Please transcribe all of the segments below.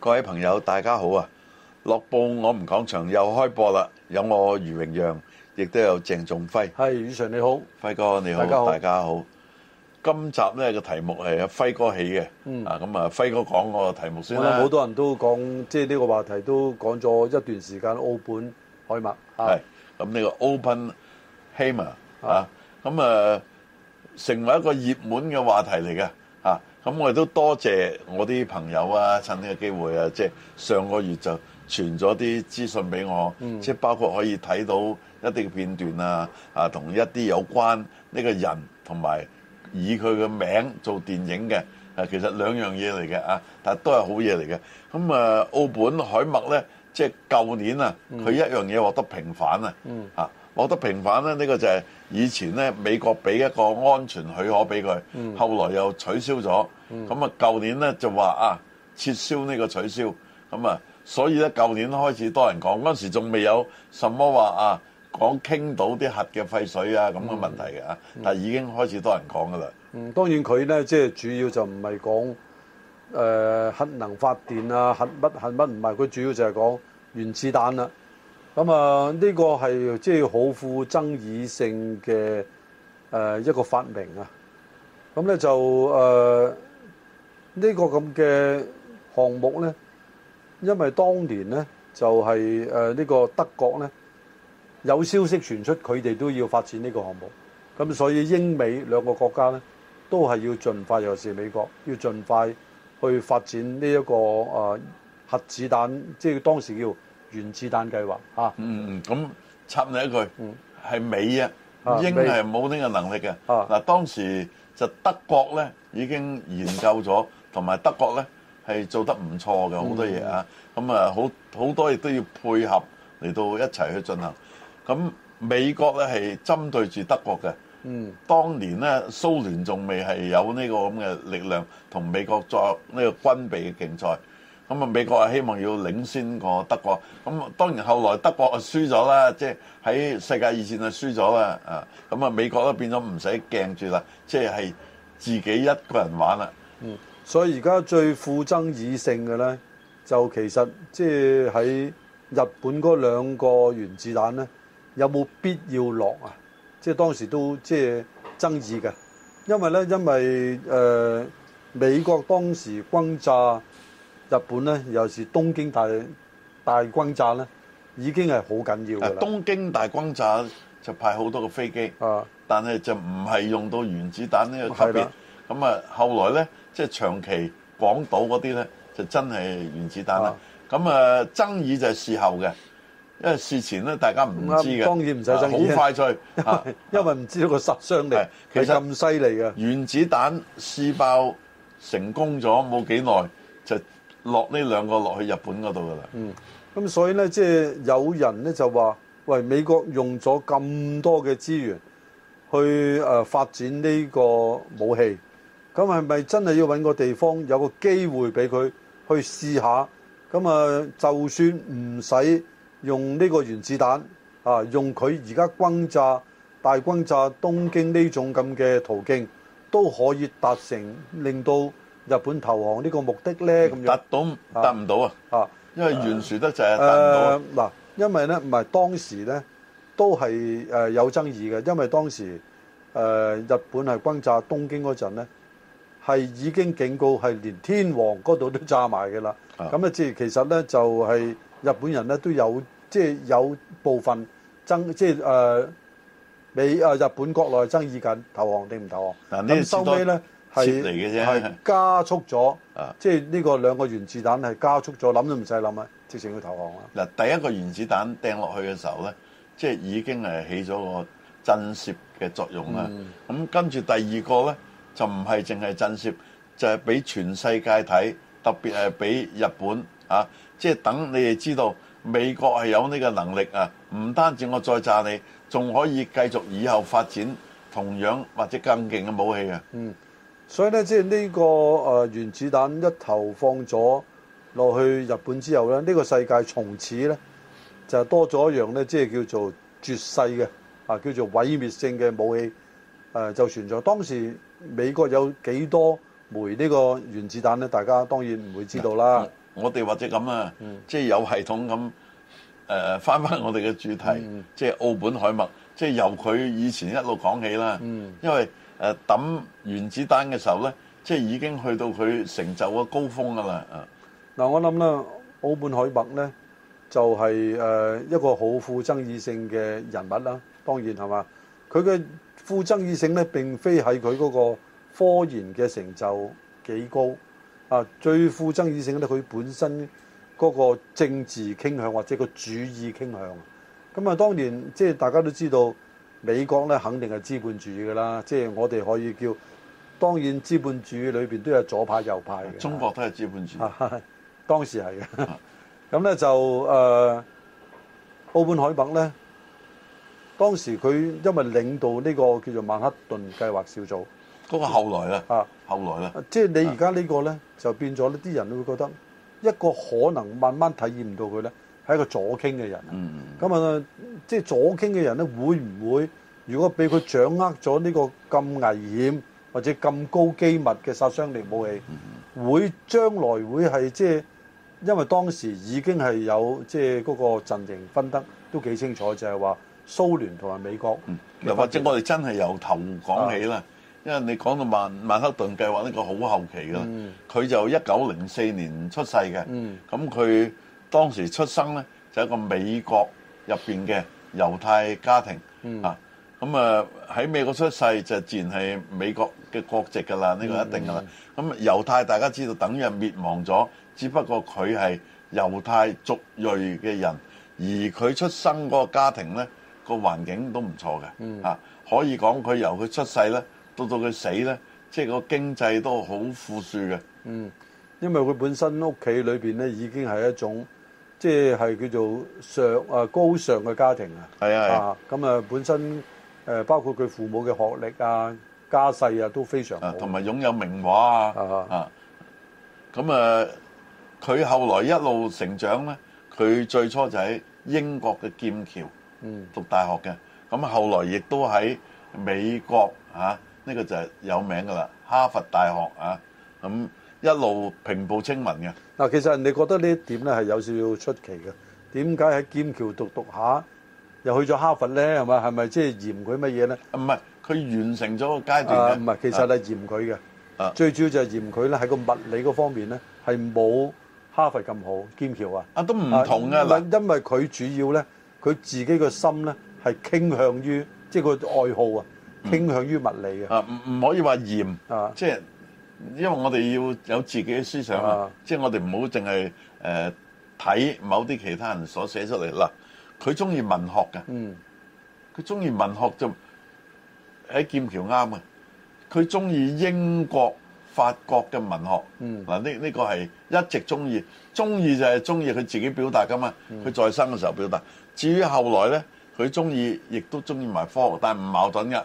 各位朋友，大家好啊！樂報我們講場，又開播啦，有我余榮讓，亦都有鄭仲輝。係宇常你好，輝哥你好，大家好。今集咧個題目係阿輝哥起嘅，啊咁啊輝哥講個題目先啦。好多人都講，即係呢個話題都講咗一段時間。奧本海默啊，咁呢個 Open Hammer 啊，咁啊成為一個熱門嘅話題嚟嘅。咁我哋都多謝我啲朋友啊，趁呢個機會啊，即係上個月就傳咗啲資訊俾我，嗯、即係包括可以睇到一啲片段啊，啊同一啲有關呢個人同埋以佢嘅名做電影嘅，啊其實兩樣嘢嚟嘅啊，但係都係好嘢嚟嘅。咁啊，奧本海默咧，即係舊年啊，佢、嗯、一樣嘢獲得平反啊，嚇、嗯啊。我覺得平反咧，呢、這個就係以前咧，美國俾一個安全許可俾佢、嗯，後來又取消咗。咁、嗯、啊，舊年咧就話啊，撤銷呢個取消。咁啊，所以咧舊年開始多人講，嗰陣時仲未有什麼話啊，講傾到啲核嘅廢水啊咁嘅、嗯、問題啊，但係已經開始多人講噶啦。嗯，當然佢咧即係主要就唔係講誒核能發電啊、核乜核乜，唔係佢主要就係講原子彈啦、啊。咁啊，呢個係即係好富爭議性嘅誒一個發明啊！咁咧就誒、啊、呢個咁嘅項目咧，因為當年咧就係誒呢個德國咧有消息傳出，佢哋都要發展呢個項目。咁所以英美兩個國家咧都係要盡快，尤其是美國要盡快去發展呢一個誒核子彈，即係當時叫。原子彈計劃嚇、啊，嗯嗯，咁插你一句，嗯，係美啊，英係冇呢個能力嘅。嗱、啊啊、當時就德國咧已經研究咗，同埋德國咧係做得唔錯嘅、嗯啊、好，好多嘢啊。咁啊，好好多嘢都要配合嚟到一齊去進行。咁美國咧係針對住德國嘅，嗯，當年咧蘇聯仲未係有呢個咁嘅力量同美國作呢個軍備嘅競賽。咁啊！美國啊，希望要領先過德國。咁當然，後來德國啊輸咗啦，即係喺世界二戰就輸咗啦。啊，咁啊美國都變咗唔使驚住啦，即係自己一個人玩啦。嗯，所以而家最富爭議性嘅咧，就其實即係喺日本嗰兩個原子彈咧，有冇必要落啊？即係當時都即係爭議嘅，因為咧，因為誒美國當時轟炸。日本咧又是東京大大轟炸咧，已經係好緊要嘅。東京大轟炸就派好多個飛機，啊、但係就唔係用到原子彈呢個級別。咁啊、嗯，後來咧即係長崎廣島嗰啲咧，就真係原子彈啦。咁啊、嗯、爭議就係事後嘅，因為事前咧大家唔知嘅。當然唔使爭議，好快脆，因為唔、啊、知道個殺傷力係咁犀利嘅。原子彈試爆成功咗冇幾耐就。落呢兩個落去日本嗰度㗎啦。嗯，咁所以呢，即係有人呢就話：喂，美國用咗咁多嘅資源去誒發展呢個武器，咁係咪真係要揾個地方有個機會俾佢去試下？咁啊，就算唔使用呢個原子彈啊，用佢而家轟炸、大轟炸東京呢種咁嘅途徑，都可以達成令到日本投降呢個目的咧，咁樣達到達唔到啊！啊，因為完全得滯係達唔到。嗱，因為咧，唔係當時咧，都係誒有爭議嘅，因為當時誒日本係轟炸東京嗰陣咧，係已經警告係連天皇嗰度都炸埋嘅啦。咁啊，即係其實咧就係日本人咧都有，即係有部分爭，即係誒美啊日本國內爭議緊，投降定唔投降？咁收尾咧。嚟嘅啫，加速咗，即係呢個兩個原子彈係加速咗，諗都唔使諗啊，直情去投降啊！嗱，第一個原子彈掟落去嘅時候咧，即、就、係、是、已經誒起咗個震懾嘅作用啦。咁、嗯、跟住第二個咧，就唔係淨係震懾，就係、是、俾全世界睇，特別係俾日本啊，即係等你哋知道美國係有呢個能力啊，唔單止我再炸你，仲可以繼續以後發展同樣或者更勁嘅武器啊！嗯。所以咧，即係呢個誒原子彈一投放咗落去日本之後咧，呢個世界從此咧就多咗一樣咧，即係叫做絕世嘅啊，叫做毀滅性嘅武器誒，就存在。當時美國有幾多枚呢個原子彈咧？大家當然唔會知道啦，嗯。我哋或者咁啊，即係有系統咁誒翻翻我哋嘅主題，即係奧本海默，即係由佢以前一路講起啦。因為誒抌原子彈嘅時候呢，即係已經去到佢成就嘅高峰㗎啦！嗱，我諗啦，奧本海默呢就係、是、誒一個好富爭議性嘅人物啦。當然係嘛，佢嘅富爭議性呢，並非係佢嗰個科研嘅成就幾高，啊，最富爭議性呢，佢本身嗰個政治傾向或者個主義傾向。咁啊，當年即係大家都知道。美國咧肯定係資本主義㗎啦，即係我哋可以叫，當然資本主義裏邊都有左派右派嘅。中國都係資本主義， 當時係是嘅。咁 咧 就誒、呃，奧本海默咧，當時佢因為領導呢個叫做曼克頓計劃小組，嗰、那個後來咧，啊， 後來咧，即係你而家呢個咧，就變咗呢啲人會覺得一個可能慢慢體驗唔到佢咧。係一個左傾嘅人，咁、嗯、啊，即係左傾嘅人咧，會唔會如果俾佢掌握咗呢個咁危險或者咁高機密嘅殺傷力武器，嗯、會將來會係即係因為當時已經係有即係嗰、那個陣營分得都幾清楚，就係、是、話蘇聯同埋美國。又或者我哋真係由頭講起啦、啊，因為你講到曼曼克頓計劃呢、這個好後期啦，佢、嗯、就一九零四年出世嘅，咁、嗯、佢。當時出生呢，就一個美國入邊嘅猶太家庭、嗯、啊，咁啊喺美國出世就自然係美國嘅國籍噶啦，呢、呢個一定噶啦。咁、嗯嗯啊、猶太大家知道等於滅亡咗，只不過佢係猶太族裔嘅人，而佢出生嗰個家庭呢，個環境都唔錯嘅、嗯、啊，可以講佢由佢出世呢，到到佢死呢，即、就、係、係、個經濟都好富庶嘅。嗯，因為佢本身屋企裏邊呢，已經係一種。即係叫做上啊高尚嘅家庭啊，係係係啊，啊咁啊本身誒包括佢父母嘅學歷啊家世啊都非常好，同埋擁有名畫啊，啊啊咁啊佢後來一路成長咧，佢最初就喺英國嘅劍橋讀大學嘅，咁、嗯、後來亦都喺美國啊呢、呢個就係有名噶啦哈佛大學啊咁。啊一路平步青雲嘅嗱，其實你覺得呢一點咧係有少少出奇嘅。點解喺劍橋讀讀下，又去咗哈佛咧？係咪係咪即係嫌佢乜嘢咧？唔係佢完成咗個階段嘅，唔係其實係嫌佢嘅。最主要就係嫌佢咧喺個物理嗰方面咧係冇哈佛咁好，劍橋啊，啊都唔同嘅啦。因為佢主要咧，佢自己個心咧係傾向於即係佢個愛好啊，傾向於物理嘅啊，唔唔可以話嫌啊，即係。因為我哋要有自己嘅思想啊，即係我哋唔好淨係誒睇某啲其他人所寫出嚟啦。佢中意文學嘅，佢中意文學就喺劍橋啱啊。佢中意英國、嗯、法國嘅文學，嗱呢呢個係、呢個、一直中意，中意就係中意佢自己表達㗎嘛。佢在生嘅時候表達。嗯、至於後來咧，佢中意亦都中意埋科學，但係唔矛盾嘅。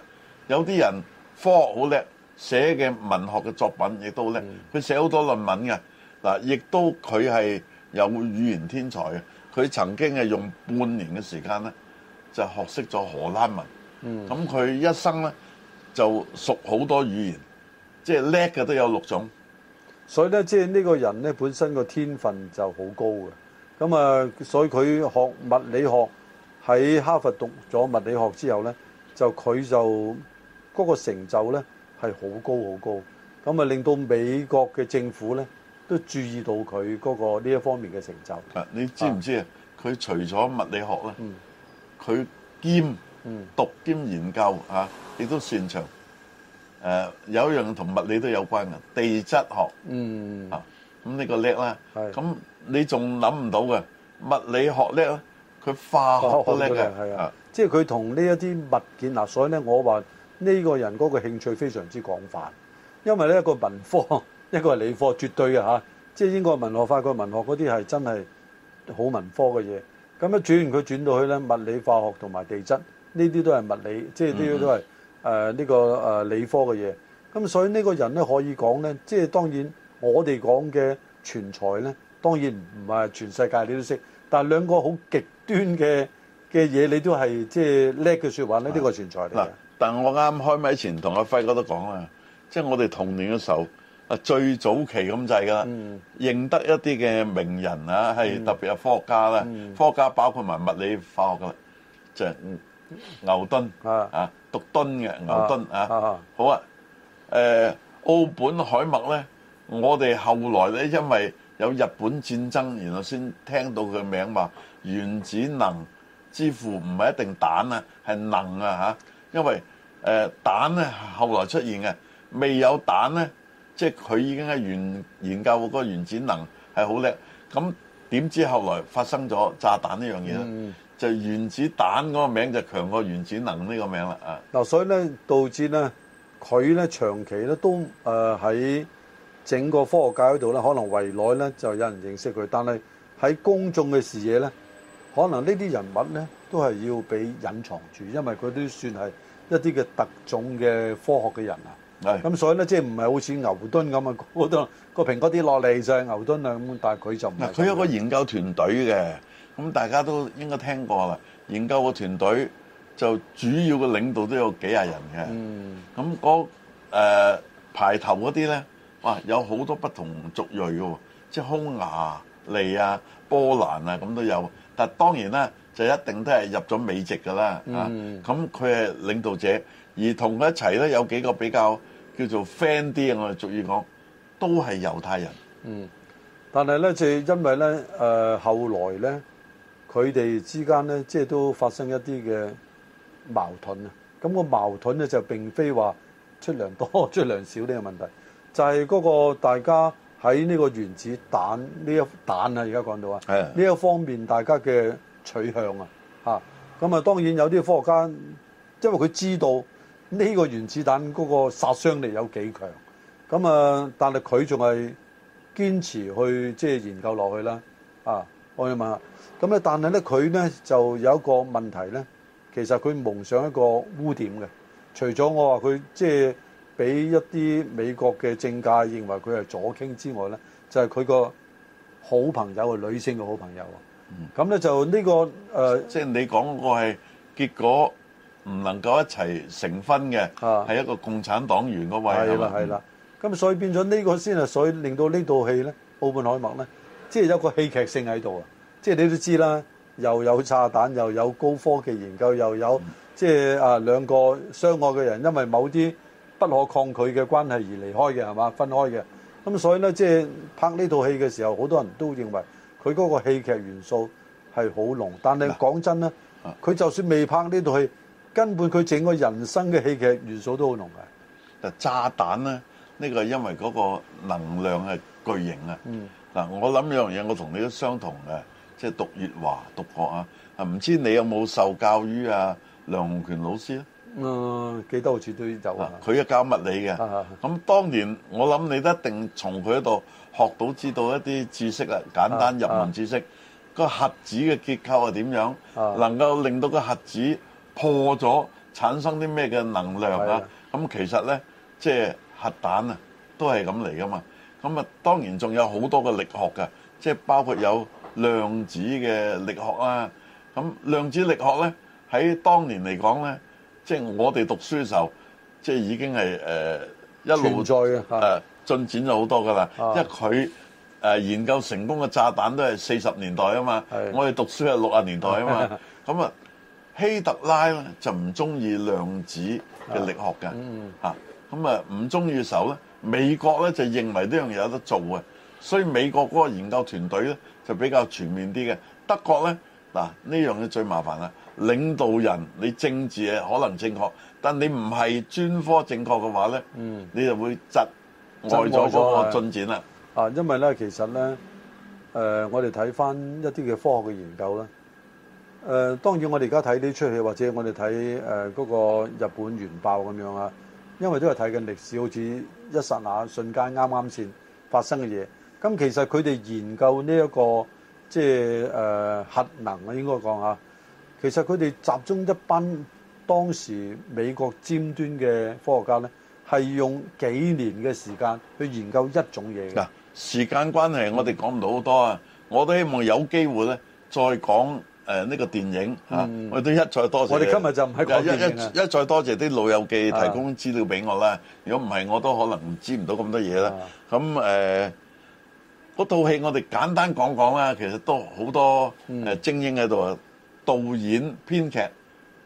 有啲人科學好叻。寫嘅文學嘅作品亦都叻，佢寫好多論文嘅嗱，亦都佢係有語言天才嘅。佢曾經係用半年嘅時間咧，就學識咗荷蘭文。咁佢一生咧就熟好多語言，即係叻嘅都有六種。所以咧，即係呢個人咧本身個天分就好高嘅。咁啊，所以佢學物理學喺哈佛讀咗物理學之後咧，就佢就嗰個成就咧。係好高好高，咁啊令到美國嘅政府咧都注意到佢嗰個呢一方面嘅成就。啊，你知唔知啊？佢除咗物理學咧，佢兼讀兼研究啊，亦都擅長。誒有一樣同物理都有關嘅地質學。嗯啊，咁呢個叻啦。係。咁你仲諗唔到嘅物理學叻咧？佢化學好叻嘅。係啊，即係佢同呢一啲物件嗱，所以咧我話。呢、這個人嗰個興趣非常之廣泛，因為呢一個文科，一個係理科，絕對嘅。嚇、啊！即係英國文學、法國、文學嗰啲係真係好文科嘅嘢。咁樣轉完佢轉到去咧，物理、化學同埋地質呢啲都係物理，即係呢啲都係誒呢個誒、呃、理科嘅嘢。咁、啊、所以呢個人咧可以講咧，即係當然我哋講嘅全才咧，當然唔係全世界你都識，但係兩個好極端嘅嘅嘢你都係即係叻嘅説話咧，呢、啊這個全才嚟嘅。啊但我啱開咪前同阿輝哥都講啦，即係我哋童年嘅時候啊，最早期咁滯噶啦，認得一啲嘅名人啊，係特別係科學家啦、啊，科學家包括埋物理化學噶啦，就係牛頓，啊，讀敦嘅牛頓。啊，好啊，奧本海默咧，我哋後來咧因為有日本戰爭，然後先聽到佢名，話原子能之父唔係一定彈啊，係能啊嚇，因為誒蛋咧，後來出現嘅未有蛋咧，即係佢已經係原研究個原子能係好叻。咁點知後來發生咗炸彈呢樣嘢咧，就原子彈嗰個名就強過原子能呢個名啦啊！嗱、嗯，所以咧導致咧佢咧長期咧都誒喺、呃、整個科學界嗰度咧，可能圍內咧就有人認識佢，但係喺公眾嘅視野咧，可能呢啲人物咧都係要俾隱藏住，因為佢都算係。一啲嘅特種嘅科學嘅人啊，咁所以咧，即係唔係好似牛頓咁啊？嗰個個蘋果啲落嚟就係牛頓啊！咁但係佢就唔係。佢有個研究團隊嘅，咁大家都應該聽過啦。研究個團隊就主要嘅領導都有幾廿人嘅，咁、嗯、嗰、嗰個呃、排頭嗰啲咧，哇！有好多不同族裔喎，即係匈牙利啊、波蘭啊咁都有。但係當然呢，就一定都係入咗美籍噶啦、嗯、啊！咁佢係領導者，而同佢一齊咧有幾個比較叫做 friend 啲嘅，我哋俗語講都係猶太人。嗯，但係咧就因為咧誒、呃、後來咧佢哋之間咧即係都發生一啲嘅矛盾啊。咁、那個矛盾咧就並非話出糧多呵呵出糧少呢個問題，就係、是、嗰個大家喺呢個原子彈呢一彈啊，而家講到啊，呢一方面大家嘅取向啊，吓，咁啊，當然有啲科學家，因為佢知道呢個原子彈嗰個殺傷力有幾強，咁啊，但係佢仲係堅持去即係、就是、研究落去啦，啊，我要問下，咁咧，但係咧佢咧就有一個問題咧，其實佢蒙上一個污點嘅，除咗我話，佢即係俾一啲美國嘅政界認為佢係左傾之外咧，就係佢個好朋友嘅女性嘅好朋友啊。咁咧就呢、這個誒、嗯嗯，即係你講個係結果唔能夠一齊成婚嘅，係、啊、一個共產黨員嗰位。係啦係啦。咁所以變咗呢個先啊，所以令到戲，呢套戲咧《奧、嗯、本海默》咧、就是，即係有個戲劇性喺度啊！即係你都知啦，又有炸彈，又有高科技研究，又有即係、嗯就是、啊兩個相愛嘅人，因為某啲不可抗拒嘅關係而離開嘅，係嘛分開嘅。咁所以咧，即、就、係、是、拍呢套戲嘅時候，好多人都認為。佢嗰個戲劇元素係好濃，但係講真咧，佢就算未拍呢套戲，根本佢整個人生嘅戲劇元素都好濃嘅。嗱，炸彈咧，呢個係因為嗰個能量係巨型啊。嗱，我諗兩樣嘢，我同你都相同嘅，即係讀粵華、讀學啊。唔知你有冇受教於啊梁洪權老師咧？嗯，幾多處都有啊！佢一教物理嘅，咁當年我諗你都一定從佢度學到知道一啲知識啊，簡單入門知識。個、啊啊、核子嘅結構係點樣、啊？能夠令到個核子破咗、啊，產生啲咩嘅能量啊？咁、啊、其實咧，即、就、係、是、核彈啊，都係咁嚟噶嘛。咁啊，當然仲有好多嘅力學嘅，即、就、係、是、包括有量子嘅力學啦、啊。咁量子力學咧，喺當年嚟講咧。即係我哋讀書嘅時候，即係已經係誒、呃、一路誒、呃、進展咗好多噶啦、啊，因為佢誒、呃、研究成功嘅炸彈都係四十年代啊嘛，我哋讀書係六十年代啊嘛，咁啊希特拉咧就唔中意量子嘅力學嘅吓，咁啊唔中意嘅時候咧，美國咧就認為呢樣嘢有得做嘅，所以美國嗰個研究團隊咧就比較全面啲嘅，德國咧嗱呢樣嘢最麻煩啦。領導人，你政治嘢可能正確，但你唔係專科正確嘅話咧，你就會窒礙在咗個進展啦。啊、嗯嗯嗯，因為咧，其實咧，誒，我哋睇翻一啲嘅科學嘅研究啦。誒，當然我哋而家睇呢出戲，或者我哋睇誒嗰個日本原爆咁樣啊，因為都係睇緊歷史，好似一剎那瞬間啱啱先發生嘅嘢。咁其實佢哋研究呢、這、一個即係誒核能啊，應該講吓。其實佢哋集中一班當時美國尖端嘅科學家咧，係用幾年嘅時間去研究一種嘢。嗱，時間關係，我哋講唔到好多啊！我都希望有機會咧，再講誒呢個電影啊、嗯。我哋一再多謝我哋今日就唔係講電影、啊、一再多謝啲老友記提供資料俾我啦。如果唔係，我都可能知唔到咁多嘢啦。咁誒，嗰套戲我哋簡單講講啦、啊。其實都好多誒精英喺度啊。導演編劇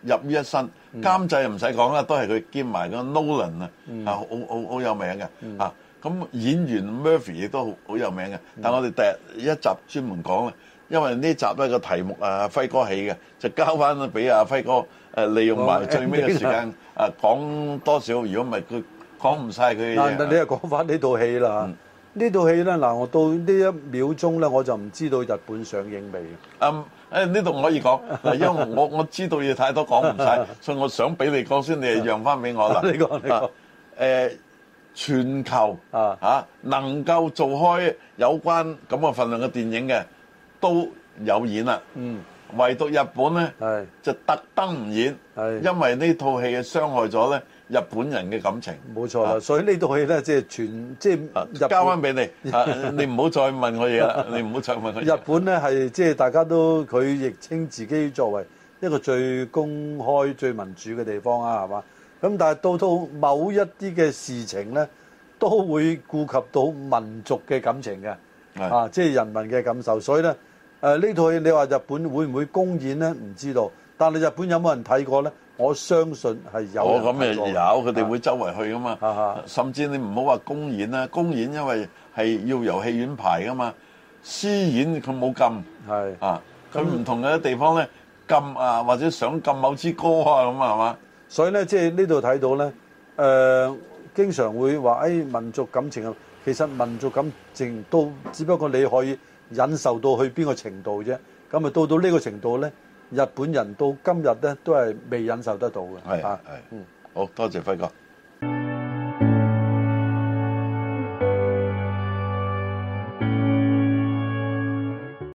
入於一身，監製唔使講啦，都係佢兼埋個 Nolan 啊、嗯，啊，好好好有名嘅、嗯、啊。咁演員 Murphy 亦都好好有名嘅。但我哋第日一集專門講，因為呢集都係個題目啊，輝哥起嘅，就交翻俾阿輝哥、啊、利用埋最尾嘅時間誒，講、啊啊、多少？如果唔係佢講唔晒佢。但你又講翻呢套戲啦。嗯呢套戲咧，嗱，我到呢一秒鐘咧，我就唔知道日本上映未。啊，誒，呢度唔可以講，因為我我知道嘢太多講唔晒。 所以我想俾你講先，你誒讓翻俾我啦。你講，你講。誒、 啊，全球嚇、啊、能夠做開有關咁嘅份量嘅電影嘅都有演啦。嗯。唯獨日本咧，就特登唔演，因為呢套戲傷害咗咧。日本人嘅感情，冇錯啦。所以呢套戲咧，即係全，即係交翻俾你。你唔好再問我嘢啦，你唔好再問我。日本咧係即係大家都，佢亦稱自己作為一個最公開、最民主嘅地方啊，係嘛？咁但係到到某一啲嘅事情咧，都會顧及到民族嘅感情嘅，啊，即係人民嘅感受。所以咧，誒呢套戲你話日本會唔會公演咧？唔知道。但係日本有冇人睇過咧？我相信係有的，我咁咪有，佢哋會周圍去㗎嘛，啊。甚至你唔好話公演啦，公演因為係要由戲院排㗎嘛。私演佢冇禁，啊，佢、嗯、唔同嘅地方咧禁啊，或者想禁某支歌啊咁啊，係嘛？所以咧，即係呢度睇到咧，誒、呃，經常會話誒、哎、民族感情啊。其實民族感情都只不過你可以忍受到去邊個程度啫。咁啊，到到呢個程度咧。日本人到今日咧，都係未忍受得到嘅。係，係，嗯，好，好多謝輝哥。